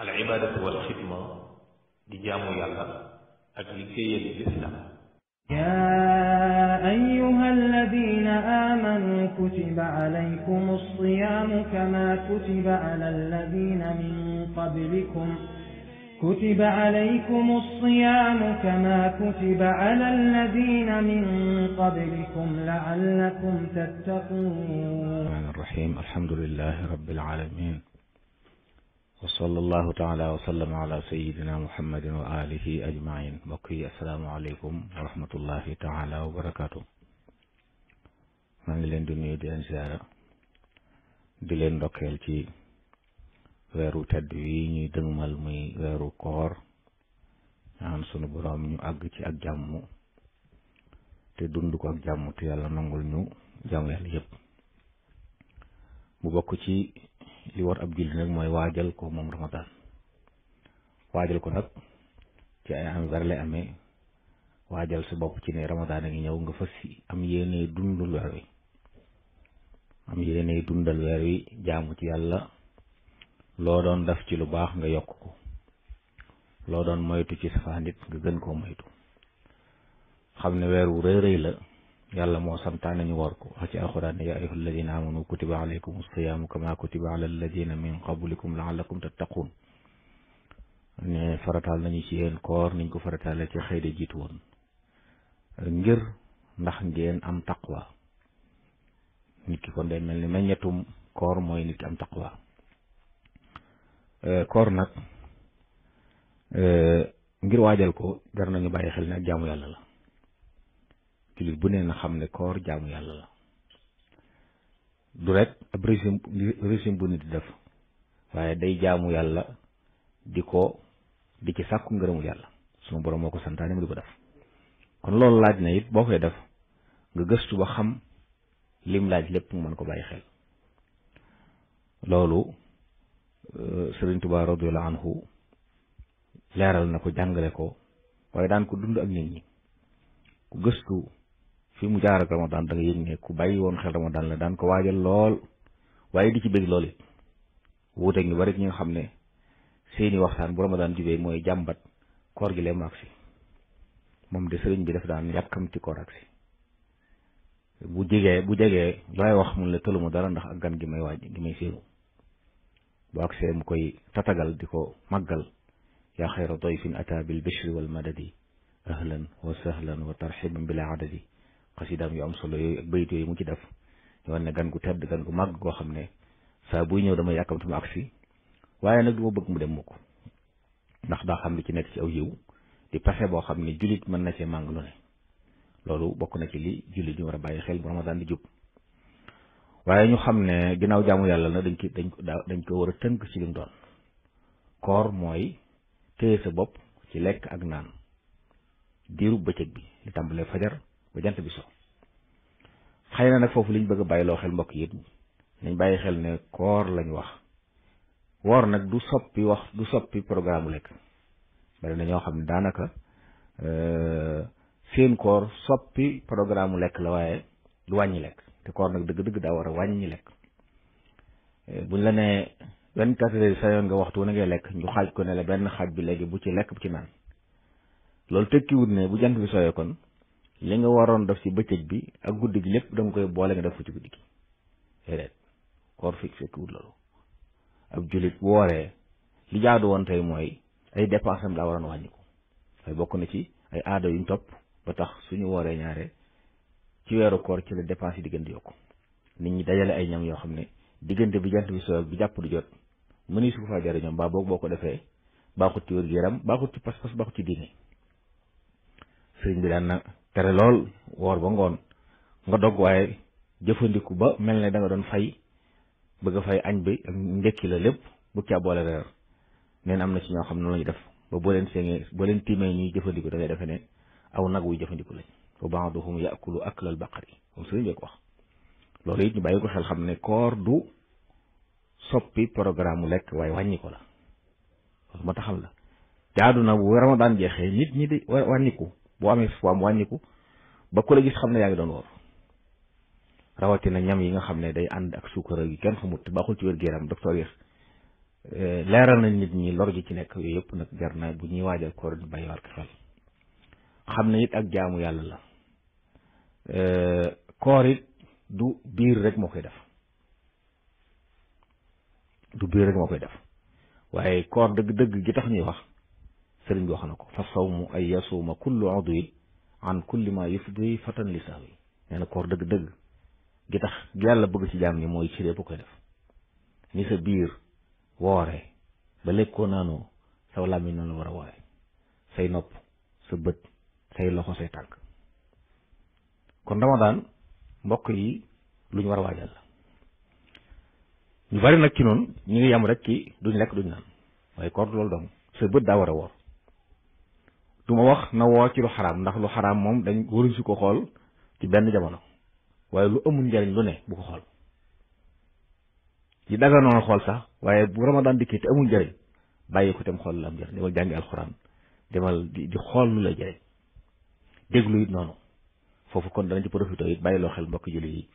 al ibaadatu wal xidma di jaamu yàlla ak liggéeyal lislam yaa ayyuhal ladiina aamanuu kutiba alaykumus siyaamu kamaa kutiba alal ladiina min qablikum كتب عليكم الصيام كما كتب على الذين من قبلكم لعلكم تتقون الرحمن الرحيم الحمد لله رب العالمين wa sallallahu taala wa sallam ala sayidina muhammadin wa alihi ajmain mbokk yi asalaamaaleykum wa rahmatullahi taala wa barakaatu maa leen di di leen di leen ndokkeel ci weeru tedd wi ñuy dëgmal weeru koor ñaan sunu boroom ñu àgg ci ak jàmm te dund ak jàmm te yàlla nangul ñu jàmm yàlla yëpp mu bokk ci li war ab jullit nag mooy waajal koo moom ramadan waajal ko nag ci ay anzar lay ame waajal sa bopp ci ne ramadan a ngi ñëw nga fas am yéene dundal weer wi am yéene dundal weer wi jaamu ci yàlla loo doon def ci lu baax nga yokk ko loo doon moytu ci safaanit nga gën koo moytu xam ne weer wu rëy rëy la yàlla moo santaane ñu war ko wax ci alxuraan ne yaa ayyuha alladina amanu kutiba a asiyaamu kama kutiba ala alladina min qablikum laallakum ci yéen koor niñ ko farataale ci xëy de jiitu woon ngir ndax ngeen am taqwa nit ki kon day mel ni meññetum koor mooy nit ki am taqwa eh, koor nag eh, ngir waajal ko jar nañu bàyyi xel ne ak jaamu yàlla la jullit bu nee na xam ne koor jaamu yàlla la du rek ab régime régime bu nit di def waaye day jaamu yàlla di ko di ci sàkku ngërëmul yàlla suma borom moo ko santaane mu di ko def kon loolu laaj na it boo koy def nga gëstu ba xam lim laaj lépp man ko bàyyi xel loolu euh, Sëriñ Tuubaa radiyallaahu anhu leeral na ko jàngale ko waaye daan ko dund ak nit ñi ku gëstu fi mu jaar ak ramadaan da yëg ne ku bàyyi woon xel ramadaan la daan ko waajal lool waaye di ci bëgg lool it wuute ngi bari ñi nga xam ne seeni waxtaan bu ramadaan jubee mooy jàmbat koor gi leemu agsi moom de sëriñ bi daf daan yàkkamti koor agsi bu jegee bu jegee looy wax mun la tëluma dara ndax ak gan gi may waaj gi may séenu bu agsee mu koy tatagal di ko màggal yaa xayra dayfin ata bil bishri wal madadi ahlan wa sahlan wa tarxiban bila xasidaam yu am solo yooyu ak bayit yooyu mu ci def yoon ne gan gu tedd gan gu màgg goo xam ne saa buy ñëw dama yàkkamti mu agsi waaye nag du ma bëgg mu dem mukk ndax daa xam li ci nekk ci aw yiw di pexe boo xam ne jullit mën na cee màng lu ne loolu bokk na ci li jullit ñu war a bàyyi xel bu ramadaan di jub waaye ñu xam ne ginnaaw jaamu yàlla na dañ ko dañ ko dañ ko war a tënk ci li mu doon koor mooy téye sa bopp ci lekk ak naan diiru bëccëg bi li tàmbalee fajar ba jant bi so xëy na nag foofu liñ bëgg bàyyi bàyyiloo xel mbokk yi nañ bàyyi xel ne koor lañ wax woor nag du soppi wax du soppi programme lekk bari na ñoo xam ne daanaka euh, seen cor soppi programme mu lekk la waaye du wàññi lekk te koor nag dëgg-dëgg daa war a wàññi lekk euh, buñ la nee vingt quatre heures sa yoon nga waxtu na ngay lekk ñu xaaj ko ne la benn xaaj bi léegi bu ci lekk bu ci naan loolu tekkiwut ne bu jant bi sooyee kon li nga waroon def ci bëccëg bi ak guddi gi lépp da koy boole nga def ko ci guddi gi déedéet koor fi fekkiwut loolu ab jullit bu wooree li jaadu woon mooy ay dépenses am daa waroon wàññi ko waaye bokk na ci ay aada yuñ topp ba tax suñu wooree ñaare ci weeru koor ci la dépenses yi di gën di yokku nit ñi dajale ay ñam yoo xam ne diggante bi jant bi soo bi jàpp du jot mënuñ su ko faa ñoom mbaa boog boo ko defee baaxut ci wér-gu-yaram baaxut tere lool woor ba ngoon nga dog waaye jëfandiku ba mel na da doon fay bëgg a fay añ bi ak ndekki la lépp bu caa boole reer neen am na ci ñoo xam ne lañu def ba boo leen séenee boo leen tiimee ñuy jëfandiku da ngay defee ne aw nag wuy jëfandiku lañ fa baaduhum yakulu aklal baqari moom sëriñ bi ko wax loolu it ñu bàyyi ko xel xam ne koor du soppi programme mu lekk waaye wàññi ko la loolu ma taxal la jaadu na bu ramadan jeexee nit ñi di wàññiku boo amee poids wàññiku ba ku la gis xam ne yaa ngi doon woor rawatina ñam yi nga xam ne day ànd ak suukar yi kenn xamut te baaxul ci wér gu yaram docteur yi eh, leeral nañ nit ñi lor ji ci nekk yooyu yëpp nag jar na bu ñuy waajal koor di bàyyi war ko xel xam ne it ak jaamu yàlla la eh, koor du biir rek moo koy def du biir rek moo waaye koor dëgg-dëgg gi tax ñuy wax sëriñ bi wax na ko fa sawmu ay yasuuma kullu adwi an kulli ma yufdi fatan li sahwi nee na koor dëgg-dëgg gi tax yàlla bëgg ci jaam ñi mooy ci lépp koy def ni sa biir woore ba lekkoo naanoo saw làmmiñ noonu war a woore nopp bët say loxo say tànk kon yi lu ñu war a waajal la ñu bari nag ci noonu ñu ngi yam rek ci duñ lekk duñ naan waaye koor loolu dong sa bët daa war a woor du ma wax na woo ci lu xaraam ndax lu xaraam moom dañ waruñ si ko xool ci benn jamono waaye lu amul njariñ lu ne bu ko xool yi daga noonu xool sax waaye bu ramadan dikkee te amul njariñ bàyyi ko tam xool la am njariñ demal di di xool lu la jëriñ déglu it noonu foofu kon danañ ci profité it bàyyi loo xel mbokk julli yi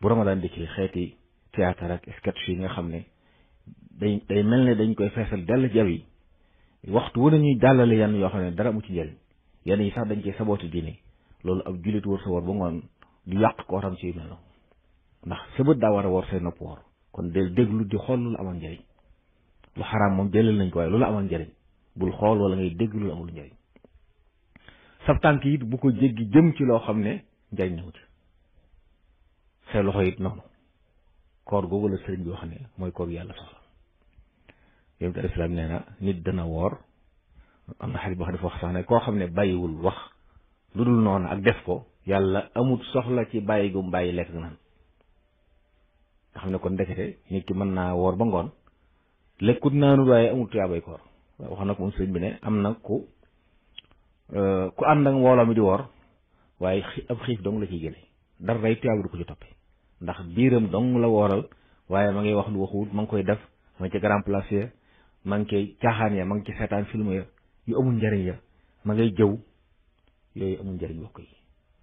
bu ramadan dikkee xeeti théâtre ak sketch yi nga xam ne day day mel ne dañ koy feesal dell jaw yi waxtu wu ñuy jàllale yenn yoo xam ne dara mu ci njëriñ yenn yi sax dañ cee saboote diine loolu ab jullit wër sa woor ba ngoon du yàq ko waram ci noonu ndax sa bët daa war a woor say nopp woor kon del déglu di xool loolu amoon njëriñ lu xaraam moom jëlal nañ ko waaye loolu amoon njariñ bul xool wala ngay dégg loolu amul njëriñ sab tànk it bu ko jéggi jëm ci loo xam ne njëriñ na ci say loxo it noonu koor googu la sëriñ bi wax ne mooy koor yàlla yonent al islam na nit dana woor am na xarit boo xam dafa wax sax ne koo xam ne bàyyiwul wax lu dul noonu ak def ko yàlla amut soxla ci bàyyi gum bàyyi lekk naan nga xam ne kon ndekete nit ki mën naa woor ba ngoon lekkut naanul waaye amut tuyaabay koor wax na ko moom sëñ bi ne am na ku euh, ku ànd ak mbooloo mi di woor waaye ab xiif dong la ciy jële dara day tuyaaba du ko ci toppe ndax biiram dong la wooral waaye ma ngi wax lu waxut ma ngi koy def ma ci grand place ma ngi koy caaxaan ya ma ngi ci seetaan film ya yu amul njëriñ ya ma ngay jëw yooyu amul njëriñ wax ko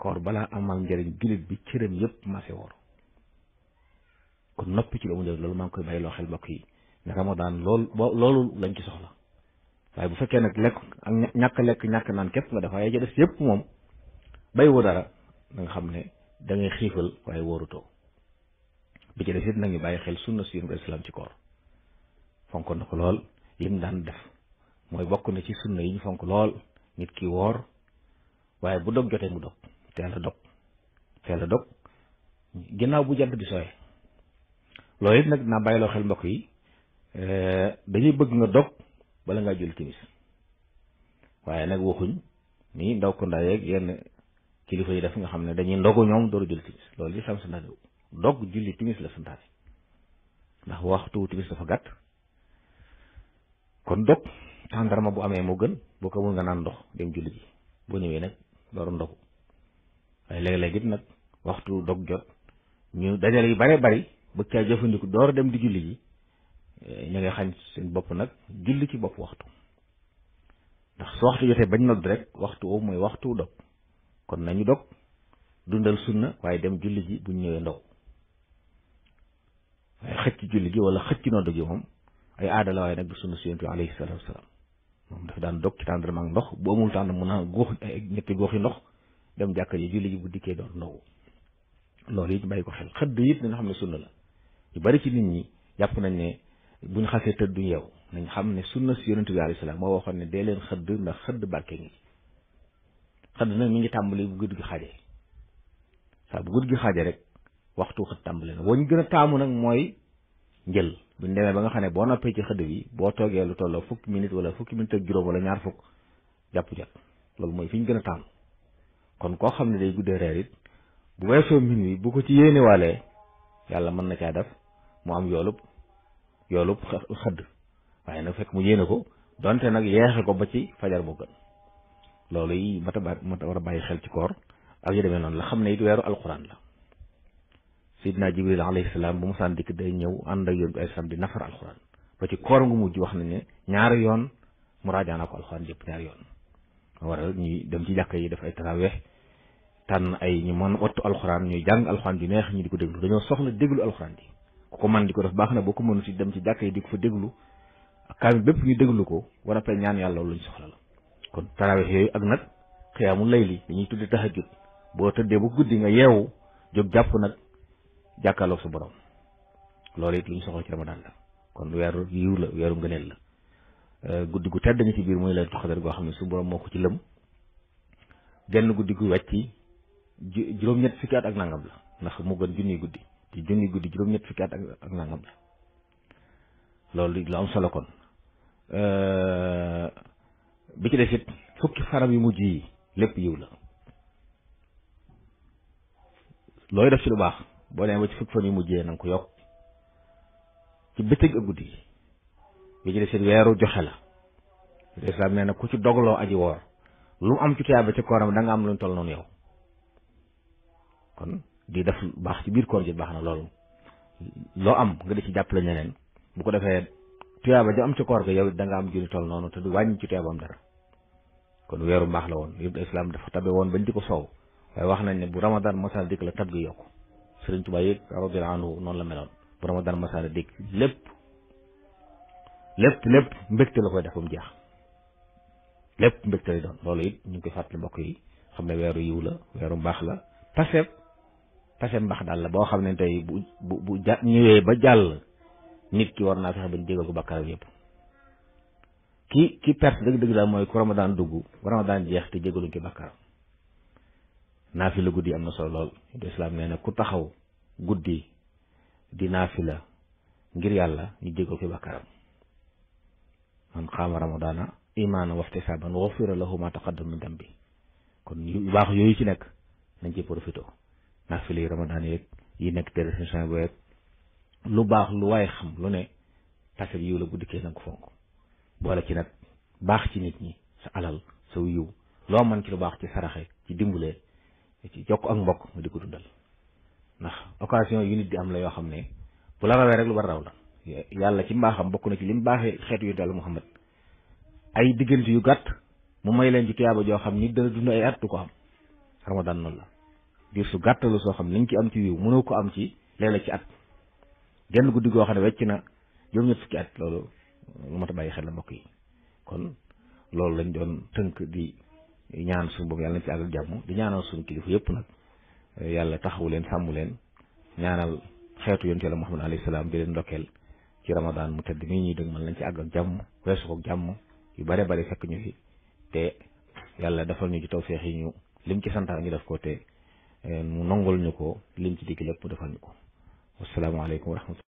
koor balaa amal njëriñ jullit bi cëram yëpp ma woor kon noppi ci lu amul njëriñ loolu maa ngi koy bàyyi loo xel mbokk yi naka moo daan loolu loolu lañ ci soxla waaye bu fekkee nag lekk ak ñàkk lekk ñàkk naan képp nga def waaye ja des yëpp moom bay woo dara da nga xam ne dangay ngay xiifal waaye wóorutoo bi ci des it nañu bàyyi xel sunna si yéen islam ci koor fonk na ko lool lim daan def mooy bokk na ci sunna yi ñu fonk lool nit ki woor waaye bu dog jotee mu dog teel a dog teel dog ginnaaw bu jant bi sooyee loolu it nag naa bàyyiloo xel mbokk yi eh, dañuy bëgg nga dog bala ngaa jël timis waaye nag waxuñ nii ndaw ko ndaa yeeg yenn kilifa yi def nga xam ne dañuy ndogu ñoom dooru jël timis loolu li sam santaane dog julli timis la santaane ndax waxtu timis dafa gàtt kon dog tàndarma bu amee moo gën boo ko mun nga naan ndox dem julli ji boo ñëwee nag dooru ndogu waaye léeg-léeg nag waxtu dog jot ñu dajale yi bare bari bëgg caa jëfandiku door dem di julli ji eh, ñu ngi xañ seen bopp nag julli ci bopp waxtu ndax su waxtu jotee bañ nodd rek waxtu woowu mooy waxtu dog kon nañu dog dundal sunna waaye dem julli ji buñ ñëwee ndogu waaye xëcc julli gi wala xëcc nodd gi moom ay aada la waaye nag du sunna si yonent bi alayhi salaatu wasalaam moom dafa daan dog ci tàndaram ak ndox bu amul tànn mun a góox ñetti góox yi ndox dem jàkka ji julli ji bu dikkee doon loolu it bàyyi ko xel xëdd it nañu xam ne sunna la yu bari ci nit ñi jàpp nañ ne buñ xasee tëdd du yeew nañ xam ne sunna si yonent bi alayhi salaam moo waxoon ne dee leen xëdd ndax xëdd barke ngi xëdd nag mi ngi tàmbali bu guddi gi xaajee saa bu guddi gi rek waxtu xëdd tàmbali na boo ñu gën a taamu nag mooy njël buñ demee ba nga xam ne boo noppee ci xëdd bi boo toogee lu tolloo fukki minute wala fukki minute ak juróom wala ñaar fukk jàpp jot loolu mooy fi ñu gën a tàmm kon koo xam ne day guddee reer it bu weesoo min wi bu ko ci yéenewaalee yàlla mën na caa def mu am yoolub yoolub xëdd waaye nag fekk mu yéene ko donte nag yeexe ko ba ci fajar moo gën loolu yi mat a mat a war a bàyyi xel ci koor ak yu demee noonu la xam ne it weeru alxuraan la Seydina Jibril alayhi salaam bu mu saan dikk day ñëw ànd ak yoon bi alayhi alxuraan ba ci koor ngu mujj wax na ne ñaar yoon mu raajaana ko alxuraan yëpp ñaari yoon. a ñuy dem ci jàkka yi def ay taraweex tànn ay ñu mën wattu alxuraan ñuy jàng alxuraan ju neex ñu di ko déglu dañoo soxla déglu alxuraan ji ku ko man di ko def baax na boo ko mënut si dem ci jàkka yi di ko fa déglu ak kaamil bépp ñu déglu ko war a pare ñaan yàlla luñ soxla la kon taraweex yooyu ak nag xiyaamu layli dañuy tuddi tahajjud boo tëddee ba guddi nga yeewu jóg jàpp nag jàkkaarloog su borom loolu it lu soxla ci ramadaan la kon weeru yiw la weeru ngëneel la euh, guddi gu tedd nga ci biir muy laylatul xadar goo xam ne su borom moo ko ci lëm genn guddi gu wàcc juróom-ñett fukki at ak nangam la ndax mu gën junniy guddi te guddi juróom-ñett ak nangam la loolu lu am solo euh, bi ci def it fukki faram yu mujj yi lépp yiw la looy def ci lu baax boo demee ba ci fukk fan yu mujjee na ko yokk ci bëccëg ak guddi nee na ku ci dogloo aji woor lu am ci tuyaaba ci kooram da nga am lu ñu toll yow kon def baax ci biir koor gi baax na loolu loo am nga di ci jàppale ñeneen ko defee tuyaaba ja am ci koor ga da nga am junni toll noonu te du wàññi ci tuyaabam dara kon weeru mbaax la woon yëpp islaam dafa tabe woon bañ di ko soow waaye wax nañ ne bu ramadan masal dikk la tab gi yokku sëriñ Tuubaa yëg radiyallaahu anhu noonu la meloon bu Ramadan masaana dégg lépp lépp lépp mbégte la koy def ba jeex lépp mbégte lay doon loolu it ñu ngi koy fàttali mbokk yi xam ne weeru yiw la weeru mbaax la paseb paseb mbaax daal la boo xam ne tey bu bu bu ja ñëwee ba jàll nit ki war naa fexe bañ jégal ko bàkkaaram yëpp ki ki perte dëgg-dëgg daal mooy ku Ramadan dugg Ramadan jeex te jégaluñ ko bàkkaaram naafila guddi am na solo lool islaam nee na ku taxaw guddi di la ngir yàlla ñu jéggal ko bàkkaaram man xaama ramadaana imaana waftisaaban xufira lahu ma taqaddama min dambi kon yu baax yooyu ci nekk nañ ci profité naafila yi ramadaan yeeg yi nekk télévision bu yeeg lu baax lu waaye xam lu ne tase yiw la bu dikkee na ko fonk boole ci nag baax ci nit ñi sa alal saw yiw loo man ci lu baax ci saraxe ci dimbulee ci jokk ak mbokk nga di ko dundal ndax occasion yu nit di am la yoo xam ne bu la rawee rek lu war raw la yàlla ci mbaaxam bokk na ci lim baaxee xeet yu dal Muhammad ay diggante yu gàtt mu may leen ci tuyaaba joo xam ni dana dund ay at du ko am ramadan noonu la diir su gàttalu soo xam liñ ci am ci yiw mënoo ko am ci léeg-léeg ci at genn guddi goo xam ne wecc na juróom-ñett fukki at loolu lu mat bàyyi xel la mbokk yi kon loolu lañ doon tënk di ñaan suñu boobu yàlla na ci àgg jàmm di ñaanal suñu kilifa yëpp nag yàlla taxawu leen sàmm leen ñaanal xeetu yoon yàlla Muhammad alayhi salaam leen ndokkeel ci ramadaan mu tedd mii ñuy dëgg mën lañ ci àgg ak jàmm weesu ko jàmm yu bare bare fekk ñu fi te yàlla defal ñu ci tawfeex yi ñu lim ci santaa ñu def ko te eh, mu nongol ñu ko lim ci digg lépp mu defal ñu ko wasalaamaaleykum wa rahmatullah